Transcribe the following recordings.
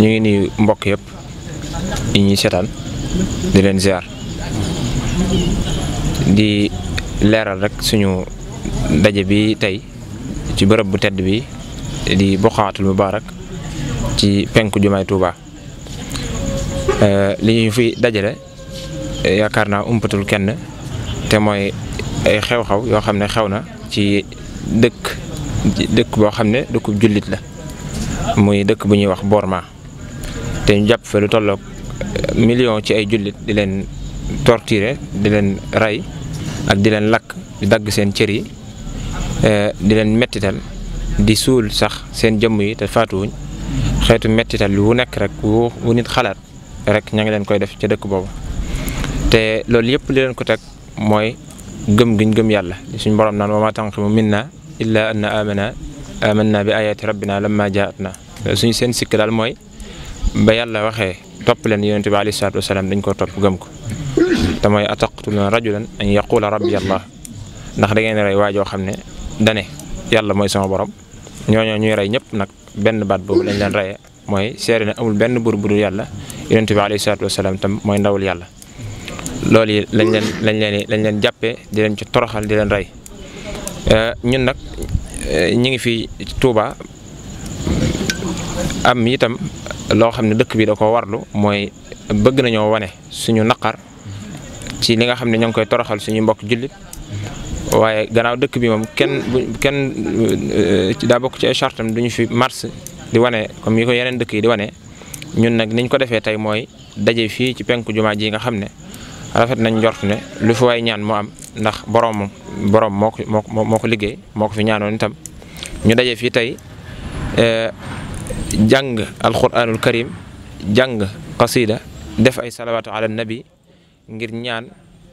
ñu ngi nii mbokk yëpp yi ñuy seetaan di leen ziar di leeral rek suñu daje bi tey ci bërëb bu tedd bi di Buqaatul Mubaarak ci penku jumaay Tuuba eh, li ñu fi dajale eh, yaakaar naa umpatul kenn te mooy ay xew-xew yoo xam ne xew na ci dëkk dëkk boo xam ne dëkku jullit la muy dëkk bu ñuy wax Borma te ñu jàpp fa lu tolloog eh, million ci ay jullit di leen torturer di leen ray ak di leen lakk di dagg seen cër yi eh, di leen mettital di suul sax seen jëmm yi te faatuwuñ xeetu mettital wu nekk rek wu nit xalaat rek ña ngi leen koy def ca dëkk boobu te loolu yëpp li leen ko teg mooy gëm giñ gëm yàlla suñ borom naan wa maa tanqimu minna illa anna amana amanna bi ayati rabbina lamma na suñ seen sikk daal mooy ba yàlla waxee topp leen yonente bi alayhi salaatu wasalaam dañ koo topp gëm ko te mooy ataqtuluna rajulan an yaqula rabbi allah ndax da ngeen rey waajoo xam ne dane yàlla mooy sama ñoo ñoo ñuy rey ñëpp nag benn baat boobu lañ leen reyee mooy seere ne amul benn buur bu dul yàlla yonente bi alayhi salaatu wasalaam tam mooy ndawul yàlla loolu yi lañ leen lañ leen lañ leen jàppee di leen ci toroxal di leen rey eh, ñun nag eh, ñi ngi fi Touba am itam loo xam ne dëkk bi da ko warlu mooy bëgg nañoo wane suñu naqar ci li nga xam ne ñoo ngi koy toroxal suñu mbokk jullit waaye gannaaw dëkk bi moom kenn kenn euh, daa bokk ci ay duñu fi mars di wane comme yi ko yeneen dëkk yi di wane ñun nag niñ ko defee tey mooy daje fii ci penku jumaa ji nga xam ne rafet nañ jort ne lu fi waay ñaan mu am ndax borom borom moo ko moo ko liggéey moo ko fi ñaanoon itam ñu daje fii tey euh, jàng alquranul karim jàng qasida def ay salawaatu ala nabi ngir ñaan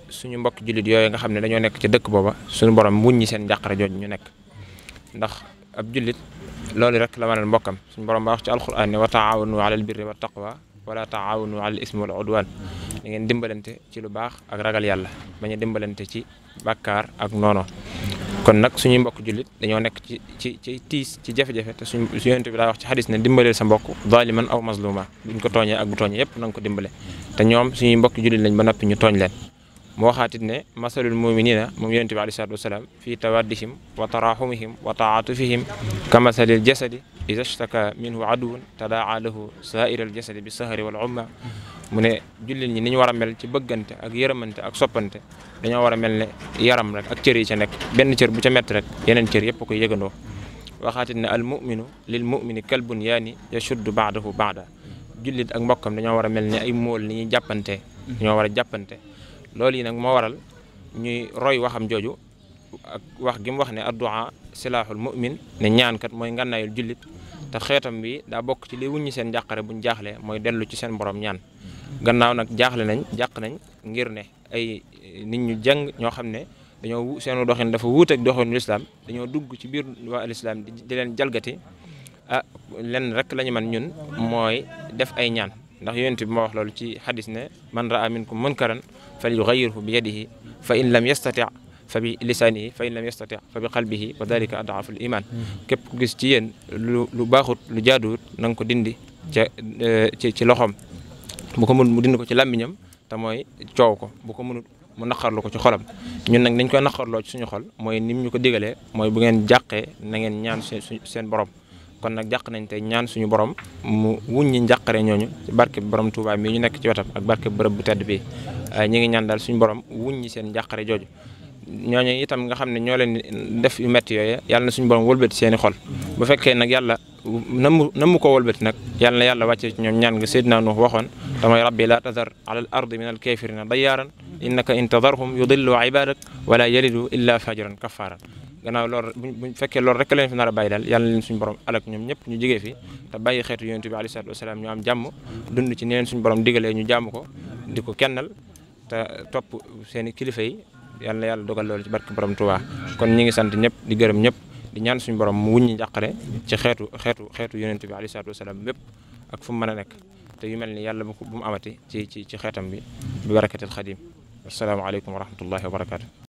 suñu mbokk jullit yooyu nga xam ne dañoo nekk ci dëkk booba suñu borom wuññi seen njàqare jooju ñu nekk ndax ab jullit loolu rek la mënal mbokkam suñu borom ba wax ci alquran ne wa taawanu ala albirri wa taqwa wala taawanu ala al ismi wal udwan da ngeen dimbalante ci lu baax ak ragal yàlla bañ a dimbalante ci bàkkaar ak noono kon nag suñuy mbokk jullit dañoo nekk ci ci ci tiis ci jafe-jafe su suñu yonent bi daa wax ci xadis ne dimbaleel sa mbokk zaliman aw mazluma buñ ko tooñee ak bu tooñee yëpp na nga ko dimbale te ñoom suñuy mbokk jullit lañ ba noppi ñu tooñ leen mu waxaatit ne masalul muminina moom yonent bi alayhi salaatu wasalaam fii tawaddihim wa tarahumihim wa taatufihim ka masalil jasadi ida staka minhu aduwun tadaa lahu saira al jasadi bi sahari wal umma mu ne jullit ñi ni ñu war a mel ci bëggante ak yërëmante ak soppante dañoo war a mel ne yaram rek ak cër yi ca nekk benn cër bu ca rek yeneen cër yëpp koy yëgandoo waxaatit ne al muminu lil mumini kalbun yaani yashuddu baadahu baada jullit ak mbokkam dañoo war a mel ne ay mool ni ñuy jàppante dañoo war a jàppante loolu yi nag moo waral ñuy roy waxam jooju ak wax gi wax ne addu'a silaaxul mu'min ne ñaankat mooy ngànnaayul jullit te xeetam bi daa bokk ci li wuññi seen njàqare buñ jaaxle mooy dellu ci seen borom ñaan gannaaw nag jaaxle nañ jàq nañ ngir ne ay eh, nit ñu jàng ñoo xam ne dañoo seenu doxin dafa wuuteeg doxinu lislaam dañoo dugg ci biir waa lislaam di leen jalgati ah lenn rek la ñu ñun mooy def ay ñaan ndax yonent bi ma wax loolu ci xadis ne man raa minkum munkaran fal yuxayirhu bi yadihi fa in lam yastati fa bi lisaanihi fa in lam yastati fa bi qalbihi wa dalika adaful iman képp ku gis ci yéen lu lu baaxut lu jaaduwut nanga ko dindi ca ci ci loxoom bu ko mën mu dindi ko ci làmmiñam te mooy coow bu ko mënut mu naqarlu ko ci xolam ñun nag nañ koy naqarloo ci suñu xol mooy ni mu ñu ko digalee mooy bu ngeen jàqee na ngeen ñaan seen borom kon nag jàq nañ te ñaan suñu borom mu wuññi njàqare ñooñu ci bi borom Touba mii ñu nekk ci wetam ak barke bi bu tedd bii ñu ngi ñaan daal suñu borom wuññi seen njàqare jooju ñooñu itam nga xam ne ñoo leen def yu métti yooyu yàlla na suñu borom wëlbati seen i xol bu fekkee nag yàlla nam nam mu ko wëlbati nag yàlla na yàlla wàcce ci ñoom ñaan nga Seydina Nuux waxoon damay rabbi laa tadar ala al ardi min al kafirina dayyaaran innaka in tadarhum yudillu ibadak wala yalidu illa fajiran kafaran gannaaw loolu bu fekkee lool rek leen fi nar a bàyyi daal yàlla na leen suñu borom alak ñoom ñëpp ñu jigee fi te bàyyi xeetu yonent bi alayhi salaatu wasalaam ñu am jàmm dund ci ni leen suñu borom digalee ñu jàmm ko di ko kennal te topp seeni kilifa yi yal yàlla dogal loolu ci barke borom Touba kon ñi ngi sant ñëpp di gërëm ñëpp di ñaan suñu borom mu wuññi njàqare ci xeetu xeetu xeetu yonent bi alayhi salaatu wasalaam mépp ak fu mu mën a nekk te yu mel ni yàlla bu mu amati ci ci ci xeetam bi bi barakatil xadim asalaamaaleykum wa rahmatullahi wa barakatu